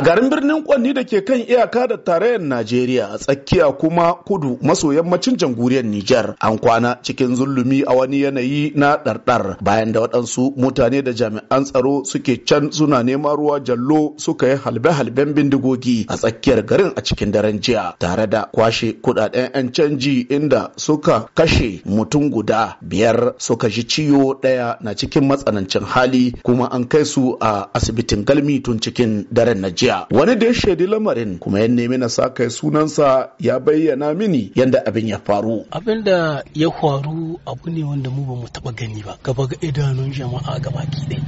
A garin birnin Kwanni da ke kan iyaka da tarayyar Najeriya a tsakiya kuma kudu maso yammacin jamhuriyar Nijar an kwana cikin zulumi a wani yanayi na ɗarɗar bayan da waɗansu mutane da jami'an tsaro suke can suna neman ruwa jallo suka yi halbe-halben bindigogi a tsakiyar garin a cikin daren jiya tare da kwashe kuɗaɗen 'yan canji inda suka kashe mutum guda biyar suka ji ciwo ɗaya na cikin matsanancin hali kuma an kai su a asibitin galmi tun cikin daren na jiya. jiya wani da ya shaidi lamarin kuma ya nemi na sa kai sunansa ya bayyana mini yadda abin ya faru abin da ya faru abu ne wanda mu ba mu taba gani ba gaba ga idanun jama'a gaba ki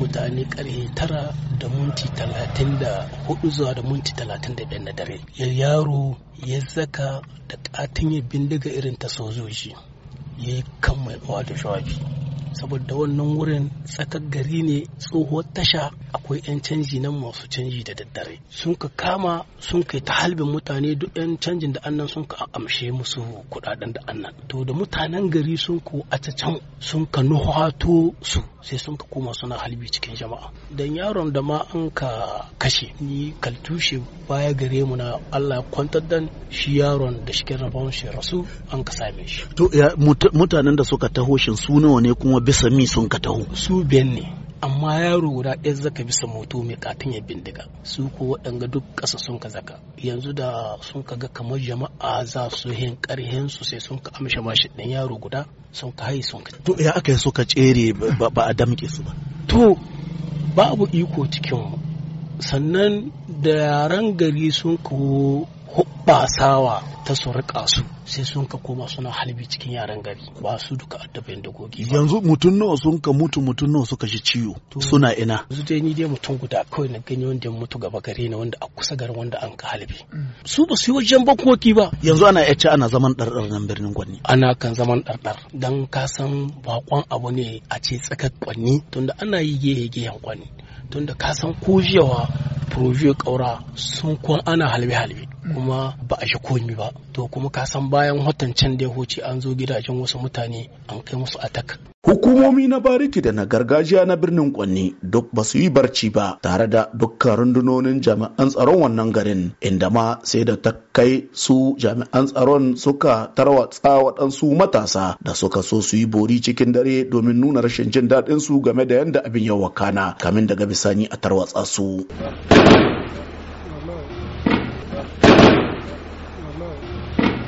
mutane karhe tara da minti talatin da hudu zuwa da minti talatin da na dare ya yaro ya zaka da katin ya bindiga irin ta sojoji ya yi kan mai da shawaki saboda wannan wurin tsakar gari ne tsohuwar tasha akwai 'yan canji nan masu canji da daddare sun ka kama sun kai ta halbin mutane duk 'yan canjin da annan sun ka amshe musu kudaden da annan to da mutanen gari sun ko a can sun ka nuhato su sai sun ka koma suna halbi cikin jama'a dan yaron da ma an ka kashe ni kaltushe baya gare mu na Allah kwantar dan shi yaron da shi rabon shi rasu an ka same shi to mutanen da suka taho shin su nawa ne kuma goma bisa mi sun ka taho su biyan ne amma yaro guda ɗaya zaka bisa moto mai katin ya bindiga su ko waɗanga duk ƙasa sun ka zaka yanzu da sun ka ga kamar jama'a za su hin ƙarhin su sai sun ka amsha mashi ɗan yaro guda sun ka hayi sun ka to ya aka yi suka tsere ba a damƙe su ba to babu iko cikin sannan da yaran gari sun kawo hubbasawa ta su rika su sai sun ka koma suna halbi cikin yaran gari ba su duka addabin da gogi yanzu mutum nawa sun ka mutu mutum nawa suka shi ciwo suna ina yanzu dai ni dai mutum guda kawai na gani wanda mutu gaba gare ni wanda a kusa garin wanda an ka halbi mm. su ba su yi wajen bakoki ba yanzu ana yace ana zaman dardar nan birnin gwanni ana kan zaman dardar dan ka san bakon abu ne a ce tsakar kwanni tunda ana yi gehe gehen kwanni tunda ka san ko jiyawa kaura sun kwan ana halbe halbe kuma ba a shi komi ba to kuma ka san bayan watan can da ya huce an zo gidajen wasu mutane an kai musu atak hukumomi na bariki da na gargajiya na birnin kwanni duk ba su yi barci ba tare da dukkan rundunonin jami'an tsaron wannan garin inda ma sai da ta kai su jami'an tsaron suka tarwatsa waɗansu matasa da suka so su yi bori cikin dare domin nuna rashin jin daɗin su game da yadda abin ya wakana kamin daga bisani a tarwatsa su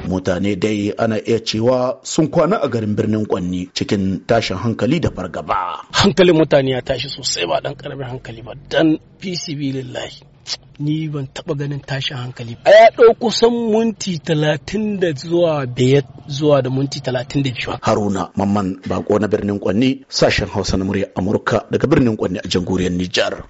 mutane dai ana iya cewa sun kwana a garin birnin kwanni cikin tashin hankali da fargaba hankalin mutane ya tashi sosai ba dan karamin hankali ba dan pcb lillahi ni ban taba ganin tashin hankali a ya ɗau kusan minti talatin da zuwa biyar zuwa da minti talatin da biyu haruna mamman bako na birnin kwanni sashen hausa na murya amurka daga birnin kwanni a jamhuriyar nijar